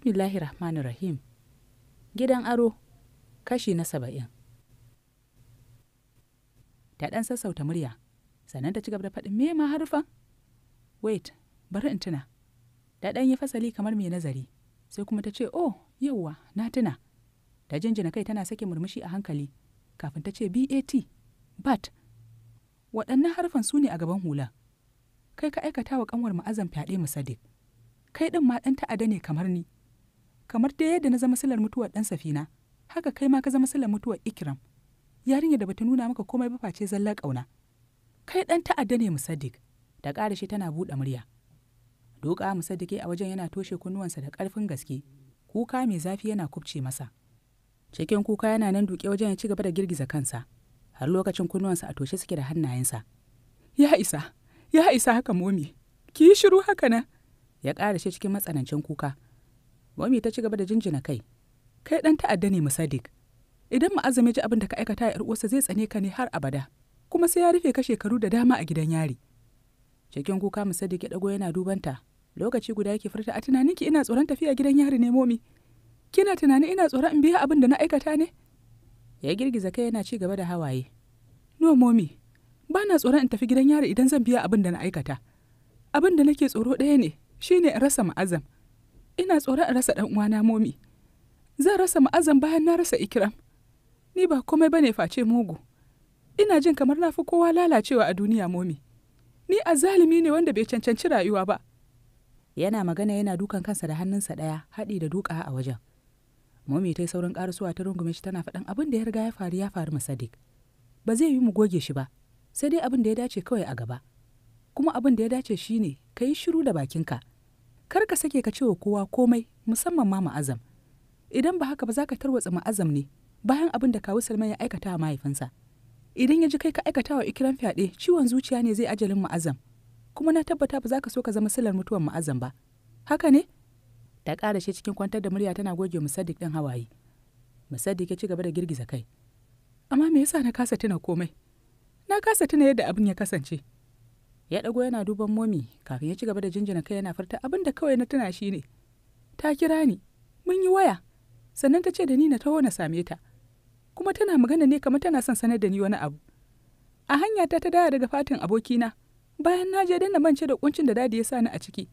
bismillahi rahmanir rahim gidan aro kashi na saba'in ta ɗan sassauta murya sannan ta ci gaba da faɗin me ma harfan wait bari in tuna ta ɗan yi fasali kamar mai nazari sai kuma ta ce oh yauwa na tuna ta jinjina kai tana sake murmushi a hankali kafin ta ce bat bat waɗannan harfan su ne a gaban hula kai ka aikata wa kanwar ma'azan fyaɗe mu sadiq kai ɗin ma ɗan ta'ada ne kamar ni kamar dai yadda na zama silar mutuwar ɗan safina haka kai ma ka zama silar mutuwar ikram yarinya da bata nuna maka komai ba face zallar ƙauna kai ɗan ta'adda ne musaddik da ƙara shi tana buɗe murya doka musaddike a wajen yana toshe kunnuwansa da ƙarfin gaske kuka mai zafi yana kubce masa cikin kuka yana nan duke wajen ya ci gaba da girgiza kansa har lokacin kunnuwansa a toshe suke da hannayensa ya isa ya isa haka momi ki shiru haka na? ya ƙara shi cikin matsanancin kuka Wami ta ci gaba da jinjina kai. Kai ɗan ta'adda ne mu sadiq. Idan mu azumi ji abin da ka aikata a uwarsa zai tsane ka ne har abada, kuma sai ya rufe ka shekaru da dama a gidan yari. Cikin kuka mu sadiq ya dago yana dubanta, lokaci guda yake furta a tunanin ki ina tsoron tafiya gidan yari ne momi. Kina tunanin ina tsoron in biya abin da na aikata ne? Ya girgiza kai yana ci gaba da hawaye. No momi, ba na tsoron in tafi gidan yari idan zan biya abin da na aikata. Abin da nake tsoro ɗaya ne, shine in rasa ma'azam. ina tsoron a rasa uwana momi zan rasa ma'azan bayan na rasa ikiram ni ba komai ba ne face mugu ina jin kamar na fi kowa lalacewa a duniya momi ni a zalimi ne wanda bai cancanci rayuwa ba yana magana yana dukan kansa da hannunsa ɗaya haɗi da duka a wajen momi ta yi saurin ƙarasuwa ta rungume shi tana faɗan abin da ya riga ya faru ya faru sadiq ba zai yi mu goge shi ba sai dai abin da ya dace kawai a gaba kuma abin da ya dace shine ka yi shiru da bakinka kar ka sake ka cewa kowa komai musamman ma ma'azam idan ba haka ba za ka tarwatsa ma'azam ne bayan abin da kawu salman ya aikata wa mahaifinsa idan ya ji kai ka aikata wa ikiran fyaɗe ciwon zuciya ne zai ajalin ma'azam kuma na tabbata ba za ka so ka zama silar mutuwar ma'azam ba haka ne ta ƙara shi cikin kwantar da murya tana goge musaddik ɗin hawaye musaddik ya ci gaba da girgiza kai amma me yasa na kasa tuna komai na kasa tuna yadda abin ya kasance ya ɗago yana duban momi kafin ya ci gaba da jinjina kai yana farta abin da kawai na tuna shi ne ta kira ni mun yi waya sannan ta ce da ni na taho na same ta kuma tana magana ne kamar tana son sanar da ni wani abu a hanya ta ta dawo daga fatin abokina bayan na je dan na mance da kuncin da dadi ya sa ni a ciki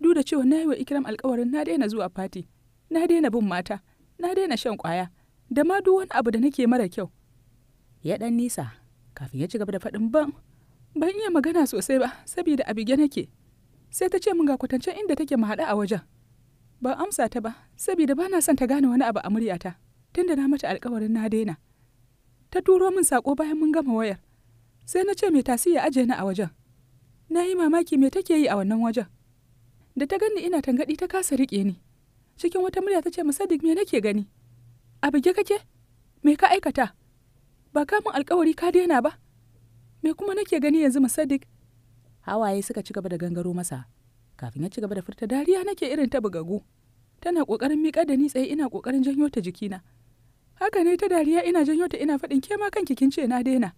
duk da cewa na yi wa ikiram alkawarin na daina zuwa fati na daina bin mata na daina shan kwaya da ma duk wani abu da nake mara kyau ya dan nisa kafin ya ci gaba da faɗin ban ban iya magana sosai ba saboda a bige nake sai ta ce min ga kwatancen inda take mu haɗa a wajen ban amsa ta ba saboda ba na son ta gane wani abu a muryata tunda na mata alkawarin na daina ta turo min sako bayan mun gama wayar sai na ce mai tasi ya aje ni a wajen na yi mamaki me take yi a wannan wajen da ta gani ina tangaɗi ta kasa rike ni cikin wata murya ta ce musaddik me nake gani a bige kake me ka aikata ba kamun alkawari ka daina ba me kuma nake gani yanzu sadiq. hawaye suka ci gaba da gangaro masa kafin ya ci gaba da furta dariya nake irin ta bugagu tana kokarin miƙa da ni tsaye ina kokarin janyo ta jikina haka ne ta dariya ina janyo ta ina faɗin ke ma kanki kin ce na daina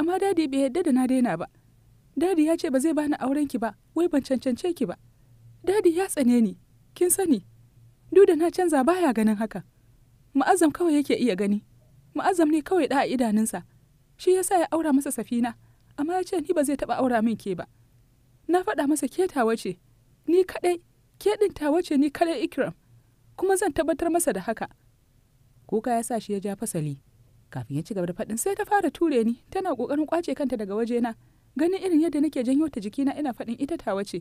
amma dadi bai yadda da na daina ba dadi ya ce ba zai bani auren ki ba wai ban cancance ki ba dadi ya tsane ni kin sani duk da na canza baya ganin haka ma'azam kawai yake iya gani ma'azam ne kawai da a idanunsa shi yasa ya aura masa safina amma ya ce ni ba zai taɓa aura min ke ba na faɗa masa ke tawa ce ni kaɗai ke ɗin tawa ce ni kaɗai ikram kuma zan tabbatar masa da haka kuka ya sa shi ya ja fasali kafin ya ci gaba da faɗin sai ta fara ture ni tana ƙoƙarin kwace kanta daga waje na ganin irin yadda nake janyo ta jikina ina faɗin ita tawa ce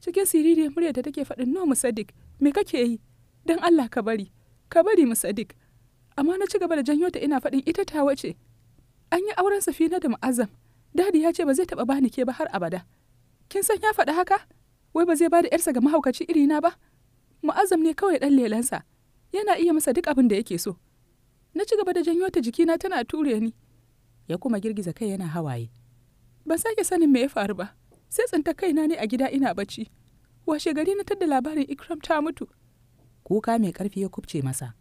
cikin siriri murya ta take faɗin no musaddik me kake yi dan Allah ka bari ka bari musaddik amma na ci gaba da janyo ta ina faɗin ita tawa ce an yi auren safina da mu'azzam dadi ya ce ba zai taɓa bani ke ba har abada kin san ya faɗi haka wai ba zai bada da yarsa ga mahaukaci irina ba mu'azzam ne kawai ɗan lelansa yana iya masa duk abin da yake so na ci gaba da janyo ta jikina tana ture ni ya kuma girgiza kai yana hawaye ban sake sanin me ya faru ba sai tsinta kaina ne a gida ina bacci washe gari na tadda labarin ikram ta mutu kuka mai karfi ya kubce masa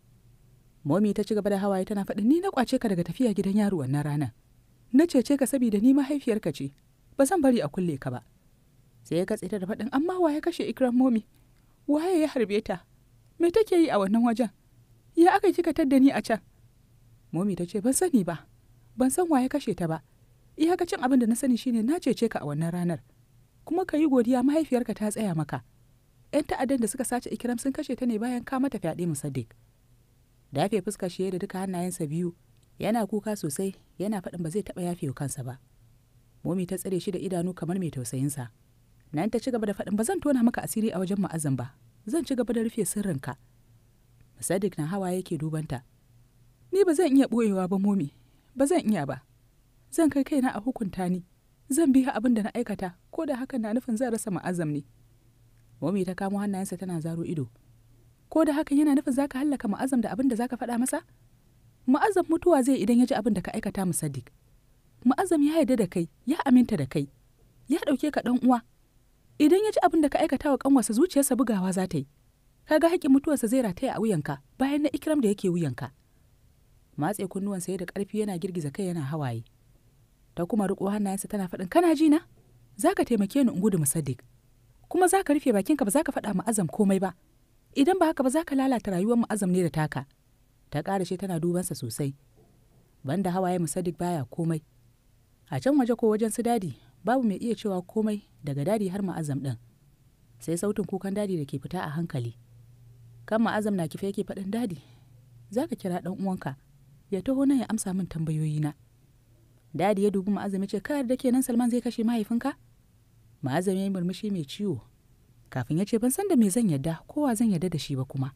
momi ta ci gaba da hawaye tana faɗin ni na kwace ka daga tafiya gidan yaro wannan ranar na cece ka saboda ni mahaifiyarka ce ba zan bari a kulle ka ba sai ya katse ta da faɗin amma wa ya kashe ikram momi waye ya harbe ta me take yi a wannan wajen ya aka kika tadda ni a can momi ta ce ban sani ba ban san wa ya kashe ta ba cin abin da na sani shine na cece ka a wannan ranar kuma ka yi godiya mahaifiyarka ta tsaya maka 'yan ta'addan da suka sace ikram sun kashe ta ne bayan ka mata fyaɗe musaddiq dafe fuska shi da duka hannayensa biyu yana kuka sosai yana faɗin ba zai taɓa yafe wa kansa ba momi ta tsare shi da idanu kamar mai tausayinsa nan ta ci gaba da faɗin ba zan tona maka asiri a wajen ma'azan ba zan ci gaba da rufe sirrinka sadiq na hawa yake dubanta ni ba zan iya ɓoyewa ba momi ba zan iya ba zan kai kaina a hukunta ni zan biya abin da na aikata ko da hakan na nufin zan rasa ma'azam ne momi ta kamo hannayensa tana zaro ido ko da hakan yana nufin zaka hallaka ma'azam da abin da zaka faɗa masa mu'azzam mutuwa zai idan ya ji abin da ka aikata mu sadiq mu'azzam ya yarda da kai ya aminta da kai ya ɗauke ka ɗan uwa idan ya ji abin da ka aikata wa kanwarsa zuciyarsa bugawa za ta yi kaga haƙƙin mutuwarsa zai rataya a ka bayan na ikram da yake wuyanka matse kunnuwan ya da ƙarfi yana girgiza kai yana hawaye ta kuma riƙo hannayensa tana faɗin kana ji na za ka taimake ni in gudu sadiq kuma za ka rufe bakinka ba za ka faɗa ma'azam komai ba idan ba haka ba za ka lalata rayuwar ma'azam ne da taka ta ƙarashe tana dubansa sosai banda hawaye musadik baya komai a can waje ko wajen su dadi babu mai iya cewa komai daga dadi har ma'azam din. sai sautin kukan dadi da ke fita a hankali kan ma'azam na kife yake faɗin dadi za ka kira ɗan uwanka ya taho nan ya amsa min tambayoyina dadi ya dubi ma'azam ya ce ka da kenan salman zai kashe mahaifinka ma'azam ya yi murmushi mai ciwo kafin ya ce ban san da me zan yadda kowa zan yadda da shi ba kuma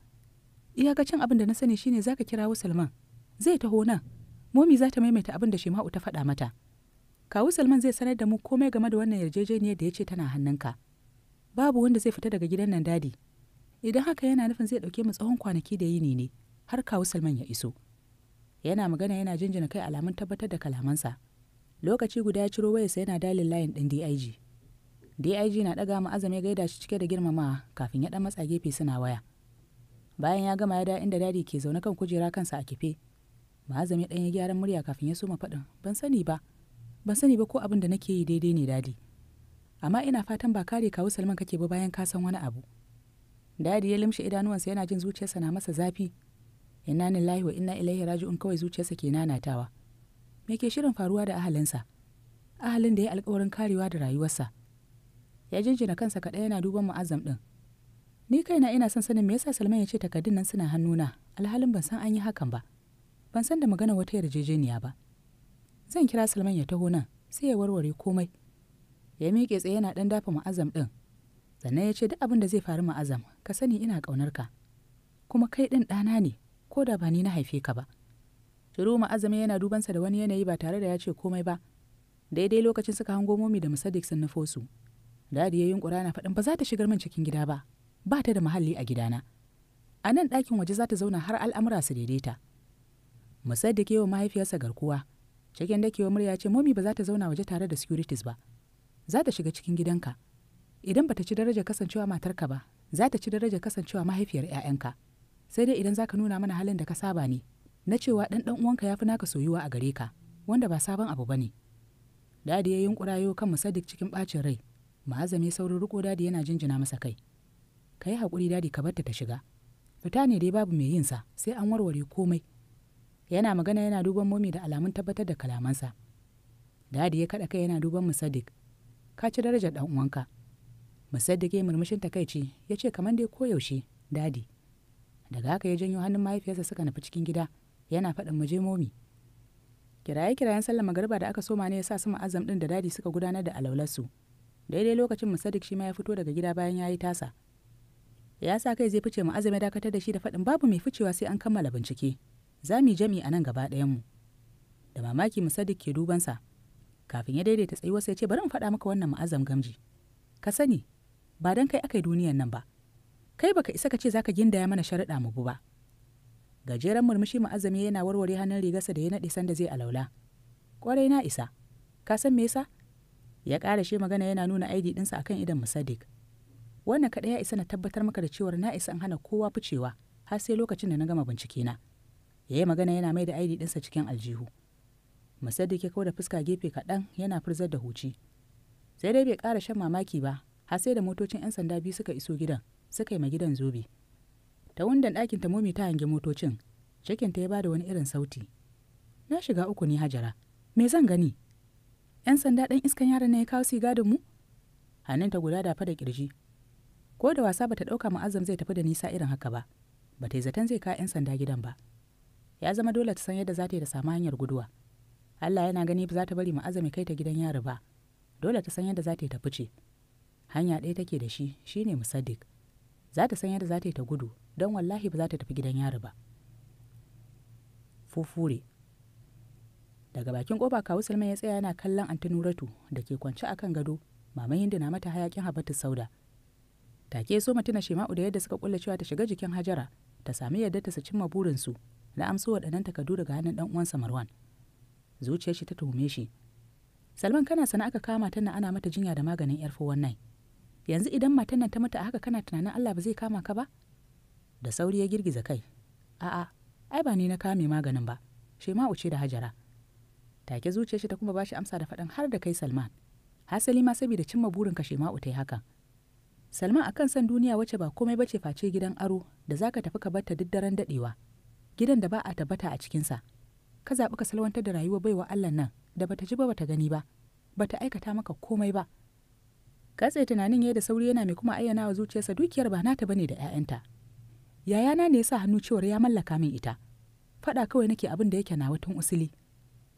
iyakacin abin da na sani shine zaka kirawo salman zai taho nan momi za ta maimaita abin da shema'u ta faɗa mata kawu salman zai sanar da mu komai game da wannan yarjejeniyar da ya ce tana hannunka babu wanda zai fita daga gidan nan dadi idan haka yana nufin zai ɗauke mu tsawon kwanaki da yini ne har kawu salman ya iso yana magana yana jinjina kai alamun tabbatar da kalamansa lokaci guda ya ciro wayarsa yana dalin layin ɗin dig dig na ɗaga mu azame gaida shi cike da girmamawa kafin ya ɗan matsa gefe suna waya bayan ya gama ya da inda dadi ke zaune kan kujera kansa a kife Mazami ɗan ya gyaran murya kafin ya soma faɗin ban sani ba ban sani ba ko abin da nake yi daidai ne dadi amma ina fatan ba kare kawu salman kake ba bayan ka san wani abu dadi ya limshe idanuwansa yana jin zuciyarsa na masa zafi inna lillahi wa inna ilaihi raji'un kawai zuciyarsa ke nanatawa me ke shirin faruwa da ahalinsa ahalin da ya alkawarin karewa da rayuwarsa ya jinjina kansa kaɗai yana duban mu'azzam ɗin ni kaina ina son sanin me yasa salman ya ce takardun nan suna hannuna alhalin ban san an yi hakan ba ban san da magana wata yarjejeniya ba zan kira salman ya taho nan sai ya warware komai ya miƙe tsaye yana dan dafa ma'azam ɗin sannan ya ce duk abin da zai faru ma'azam ka sani ina ƙaunar ka kuma kai ɗin ɗana ne ko da ba ni na haife ka ba shiru ma'azam yana dubansa da wani yanayi ba tare da ya ce komai ba daidai lokacin suka hango momi da musaddik sun nufo su dadi ya yunkura na faɗin ba za ta shigar min cikin gida ba ba ta da muhalli a gidana a nan ɗakin waje za ta zauna har al'amura su daidaita musaddik wa mahaifiyarsa garkuwa cikin da dakewa murya ce momi ba za ta zauna waje tare da securities ba za ta shiga cikin gidanka idan ba ta ci darajar kasancewa matarka ba za ta ci darajar kasancewa mahaifiyar 'ya'yanka sai dai idan za ka nuna mana halin da ka saba ne na cewa ɗan ɗan uwanka ya fi naka soyuwa a gare ka wanda ba sabon abu ba ne dadi ya yunƙura yau kan musaddik cikin ɓacin rai ma'azami saurin riko dadi yana jinjina masa kai ka yi haƙuri dadi ka barta ta shiga fita ne dai babu mai yinsa sai an warware komai yana magana yana duban momi da alamun tabbatar da kalamansa dadi ya kaɗa kai yana duban musaddik ka ci darajar ɗan uwanka musaddik ya murmushin takaici ya ce kamar dai koyaushe dadi daga haka ya janyo hannun mahaifiyarsa suka nufi cikin gida yana faɗin muje momi kiraye kirayen sallar magariba da aka soma ne ya sa su ma'azam ɗin da dadi suka gudanar da alaularsu daidai lokacin musaddik shi ma ya fito daga gida bayan ya yi tasa ya sa kai zai fice mu azumi dakatar da shi da faɗin babu mai ficewa sai an kammala bincike za mu jami a nan gaba ɗayanmu da mamaki mu musaddik ke dubansa kafin ya daidaita tsayuwa sai ce bari mu faɗa maka wannan ma'azam gamji ka sani ba dan kai aka yi duniyan nan ba kai baka isa ka ce zaka gindaya mana sharaɗa mu bu ba gajeren murmushi ma'azami yana warware hannun rigarsa da ya naɗe sanda zai alaula kwarai na isa ka san me yasa ya ƙara shi magana yana nuna aidi ɗinsa akan idan musaddik wannan kaɗai ya isa na tabbatar maka da cewar na isa an hana kowa ficewa har sai lokacin da na gama bincike na ya yi magana yana mai da aidi ɗinsa cikin aljihu musaddik ya kawo da fuska gefe kaɗan yana furzar da huci sai dai bai ƙara shan mamaki ba har sai da motocin 'yan sanda biyu suka iso gidan suka yi ma gidan zobe ta wundan ɗakin ta momi ta hangi motocin cikinta ya ba da wani irin sauti na shiga uku ne hajara me zan gani 'yan sanda ɗan iskan yaran na ya kawo siga da mu ta guda dafa da kirji ko da wasa bata ɗauka ma'azam zai tafi da nisa irin haka ba bata yi zaton zai ka 'yan sanda gidan ba ya zama dole ta san yadda za ta yi da samu hanyar guduwa allah yana gani ba za ta bari ma'azam kai ta gidan yari ba dole ta san yadda za ta yi ta fice hanya ɗaya take da shi shine musaddiq za ta san yadda za ta yi ta gudu don wallahi ba za ta tafi gidan yari ba fufure daga bakin kofa kawu salman ya tsaya yana kallon antinuratu da ke kwance akan gado mamayin na mata hayakin habatu sauda take so mu tuna shema'u da yadda suka kulle cewa ta shiga jikin hajara ta sami yadda ta su cimma burinsu na amso waɗannan takardu daga hannun ɗan uwansa marwan zuciyar shi ta tuhume shi salman kana sana aka kama ta nan ana mata jinya da maganin yar wannan yanzu idan matan nan ta mutu a haka kana tunanin allah ba zai kama ka ba da sauri ya girgiza kai a'a ai ba ni na kame maganin ba shema'u ce da hajara take zuciyar shi ta kuma ba shi amsa da faɗin har da kai salman hasali ma saboda cimma burin ka shema'u ta yi hakan salman kan san duniya wacce ba komai bace face gidan aro da zaka tafi ka barta duk daren dadewa gidan da ba a tabbata a cikinsa ka zaɓi ka salwantar da rayuwa baiwa allah nan da bata ji ba bata gani ba bata aikata maka komai ba katse tunanin yayi da sauri yana mai kuma ayyana wa zuciyarsa dukiyar ba nata bane da 'ya'yanta yayana ne yasa hannu cewar ya mallaka min ita faɗa kawai nake abin da yake nawa tun usuli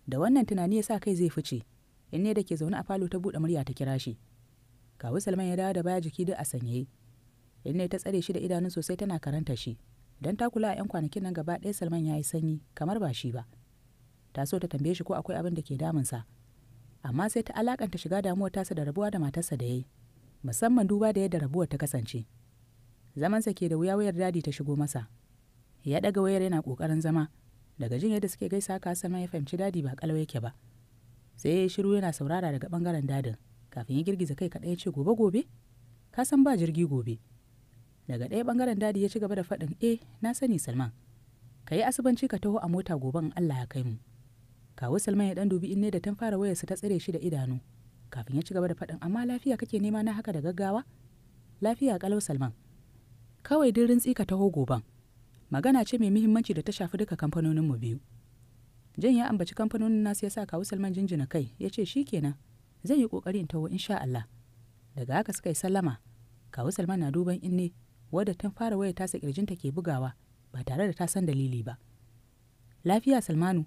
da wannan tunani ya sa kai zai fice in ne da ke zaune a falo ta buɗe murya ta kira shi kawu salman ya dawo da baya jiki duk a In ne ta tsare shi da idanun sosai tana karanta shi don ta kula a 'yan kwanakin nan gaba ɗaya salman ya yi sanyi kamar ba shi ba ta so ta tambaye shi ko akwai abin da ke damunsa amma sai ta alakanta shiga damuwar tasa da rabuwa da matarsa da ya yi musamman duba da yadda rabuwar ta kasance zamansa ke da wuya wayar dadi ta shigo masa ya daga wayar yana kokarin zama daga jin yadda suke gaisa ka sama ya fahimci dadi ba kalau yake ba sai ya shiru yana saurara daga bangaren dadin kafin ya girgiza kai kaɗai ya ce gobe gobe ka san ba jirgi gobe daga ɗaya ɓangaren dadi ya ci gaba da faɗin eh na sani salman ka yi asibanci ka taho a mota gobe in allah ya kai mu kawo salman ya ɗan dubi in ne da tun fara wayarsa ta tsare shi da idanu kafin ya ci gaba da faɗin amma lafiya kake nema na haka da gaggawa lafiya kalau salman kawai din rintsi ka taho goban magana ce mai muhimmanci da ta shafi duka kamfanoninmu biyu jan ya ambaci kamfanonin nasu ya sa kawu salman jinjina kai ya ce shi kenan Zan yi ƙoƙari in taho insha Allah daga haka suka yi sallama kawu Salman na duban in ne wadda tun fara waya tasa kirjinta ke bugawa ba tare da ta san dalili ba lafiya Salmanu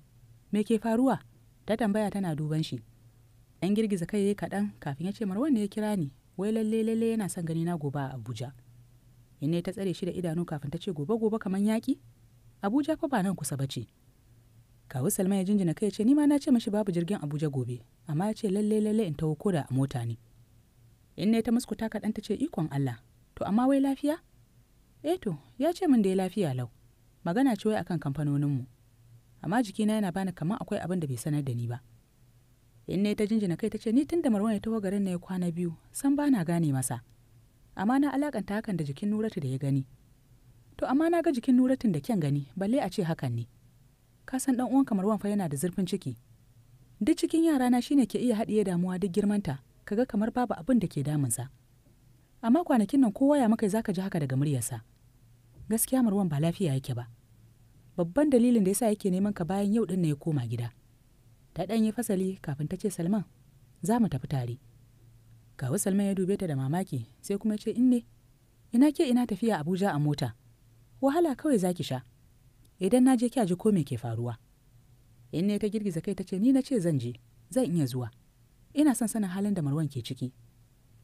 me ke faruwa ta tambaya tana duban shi an girgiza kai kaɗan kafin ya ce Marwan ne ya kira ni wai lalle lalle yana son gani na gobe a Abuja in ne ta tsare shi da idanu kafin ta ce gobe gobe kamar yaƙi Abuja fa ba nan kusa ba ce kawu salma ya jinjina kai ya ce nima na ce mashi babu jirgin abuja gobe amma ya ce lalle lalle in taho koda a mota ne in ne ta muskuta kaɗan ta ce ikon allah to amma wai lafiya eto eh to ya ce min da ya lafiya lau magana ce wai akan kamfanoninmu amma jikina yana bani kamar akwai abin da bai sanar da ni ba in ne ta jinjina kai ta ce ni tun da marwan ya taho garin na ya kwana biyu san ba na gane masa amma na alakanta hakan da jikin nuratu da ya gani to amma na ga jikin nuratun da kyan gani balle a ce hakan ne ka san dan uwanka Marwan fa yana da zurfin ciki duk cikin yara na shine ke iya haɗiye damuwa duk girmanta ga kamar babu abin da ke damunsa amma kwanakin nan kowa ya makai zaka ji haka daga muryarsa gaskiya Marwan ba lafiya yake ba babban dalilin da yasa yake neman ka bayan yau din na ya koma gida ta dan yi fasali kafin ta ce Salman za mu tafi tare kawu Salman ya dube ta da mamaki sai kuma ya ce in ne ina ke ina tafiya Abuja a mota wahala kawai zaki sha idan na je kya ji ko me ke faruwa in ne ta girgiza kai ta ce ni na ce zan je zan iya zuwa ina son sanin halin da marwan ke ciki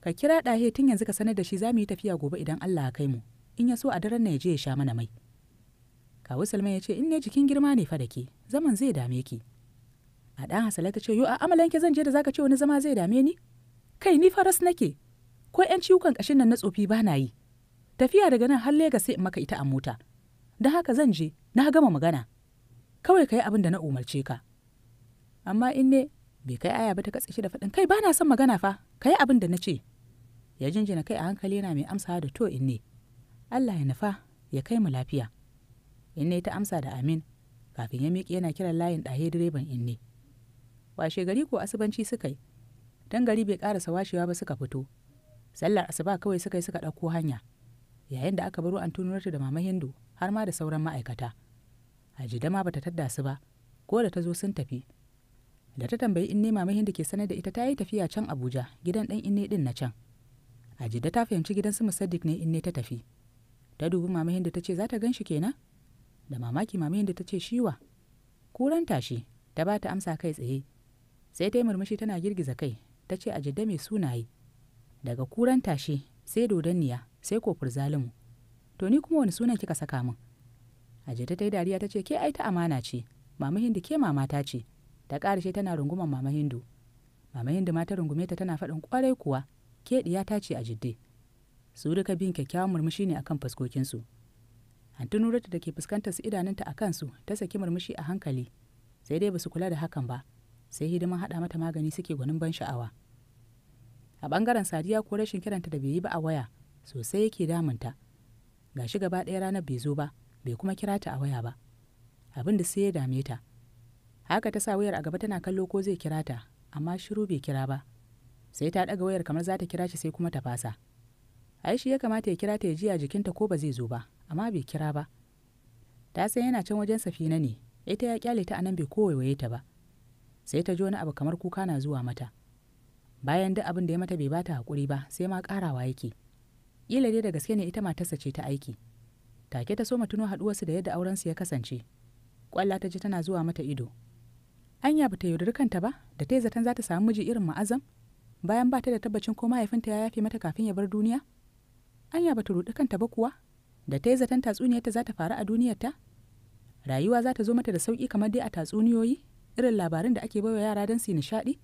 ka kira ɗahe tun yanzu ka sanar da shi za mu yi tafiya gobe idan allah ya kai mu in ya so a daren na ya je ya sha mana mai kawu salma ya ce in ne jikin girma ne fa da ke zaman zai dame ki a ɗan hasala ta ce yo a amalanke zan je da zaka ce wani zama zai dame ni kai ni faras nake ko 'yan ciwukan ƙashin nan na tsofi ba na yi tafiya daga nan har Legas sai in maka ita a mota don haka zan je na gama magana kawai ka yi abin da na umarce ka amma in ne bai kai aya ba ta katse shi da faɗin kai bana son magana fa ka yi abin da na ce ya jinjina kai a hankali yana mai amsawa da to in ne Allah ya nufa ya kai mu lafiya in ne ta amsa da amin kafin ya miƙe yana kiran layin ɗahe direban in ne washe gari ko asubanci suka yi dan gari bai ƙarasa washewa ba suka fito sallar asuba kawai suka yi suka ɗauko hanya yayin da aka baro an da mama hindu har ma da sauran ma'aikata ajida ma bata tadda su ba ko da ta zo sun tafi da ta tambayi inne mamahin Hindu ke sanar da ita ta yi tafiya can abuja gidan ɗan inne ɗin na can ajida ta fahimci gidan su musaddik ne inne ta tafi ta dubi Mama Hindu ta ce za ta gan shi kenan da mamaki Mama da ta ce shiwa kuran tashi ta ba ta amsa kai tsaye sai ta yi murmushi tana girgiza kai ta ce jida mai sunaye daga kuran tashi sai dodanniya sai kofur zalimu to ni kuma wani sunan kika saka min ajita ta yi dariya ta ce ke ai ta amana ce mama hindu ke mama ta ce ta karshe tana runguman mama hindu mama hindu ma ta rungume ta tana faɗin kwarai kuwa ke ta ce a jidde su duka bin kyakkyawan murmushi ne akan fuskokinsu antinurata da ke fuskantar su idanunta a kansu ta saki murmushi a hankali sai dai basu kula da hakan ba sai hidiman haɗa mata magani suke gwanin ban sha'awa a ɓangaren sadiya ko rashin kiranta da bai yi ba a waya sosai yake damunta ga shi gaba ɗaya ranar bai zo ba bai kuma kira ta a waya ba abin da sai ya dame ta haka ta sa wayar a gaba tana kallo ko zai kira ta amma shiru bai kira ba sai ta ɗaga wayar kamar za ta kira shi sai kuma ta fasa ai ya kamata ya kira ta ya ji a jikinta ko ba zai zo ba amma bai kira ba ta san yana can wajen safina ne ita ya kyale ta anan bai kowaye ta ba sai ta ji wani abu kamar kuka na zuwa mata bayan duk abin da ya mata bai bata hakuri ba sai ma karawa yake kila dai da gaske ne ita matarsa ce ta aiki take ta so mu tuno haɗuwarsu da yadda aurensu ya kasance kwalla ta ji tana zuwa mata ido anya bata yaudari kanta ba da ta zatan zaton za ta samu miji irin ma'azam bayan ba ta da tabbacin ko mahaifinta ya yafe mata kafin ya bar duniya anya bata rudi kanta ba kuwa da ta zaton tatsuniyarta za ta faru a duniyarta rayuwa za ta zo mata da sauki kamar dai a tatsuniyoyi irin labarin da ake baiwa yara don su nishaɗi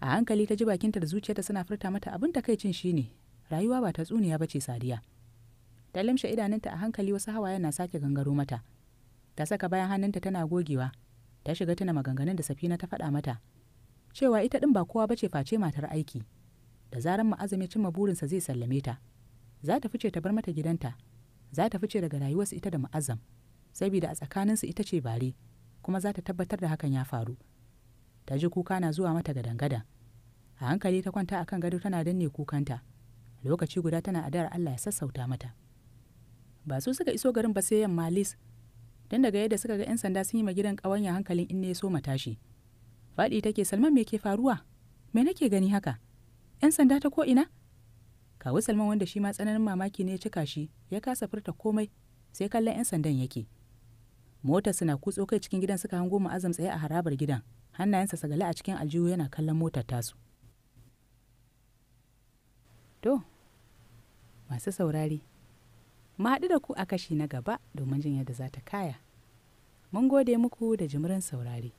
a hankali ta ji bakinta da zuciyarta suna furta mata abin takaicin shine rayuwa ba ta tsuniya ba ce sadiya ta lamshe idanunta a hankali wasu hawaye na sake gangaro mata ta saka bayan hannunta tana gogewa ta shiga tana maganganun da safina ta faɗa mata cewa ita ɗin ba kowa ba ce face matar aiki da zaran ma'azumi ya cimma burinsa zai sallame ta za ta fice ta bar mata gidanta za ta fice daga rayuwarsa ita da ma'azam saboda a tsakaninsu ita ce bare kuma za ta tabbatar da hakan ya faru ta ji kuka na zuwa mata gadan-gadan a hankali ta kwanta akan gado tana danne kukanta lokaci guda tana adar Allah ya sassauta mata ba su suka iso garin ba sai yamma lis don daga yadda suka ga 'yan sanda sun yi ma gidan ƙawanya hankalin in ne so matashi faɗi take salman me ke faruwa me nake gani haka 'yan sanda ta ko ina? kawu salman wanda shi ma tsananin mamaki ne ya cika shi ya kasa furta komai sai kallon 'yan sandan yake motar suna kutso kai cikin gidan suka hango mu ma'azam tsaye a harabar gidan hannayensa sagale a cikin aljihu yana kallon motar tasu to masu saurari mu haɗu da ku a kashi na gaba domin jin yadda za ta kaya mun gode muku da jimirin saurari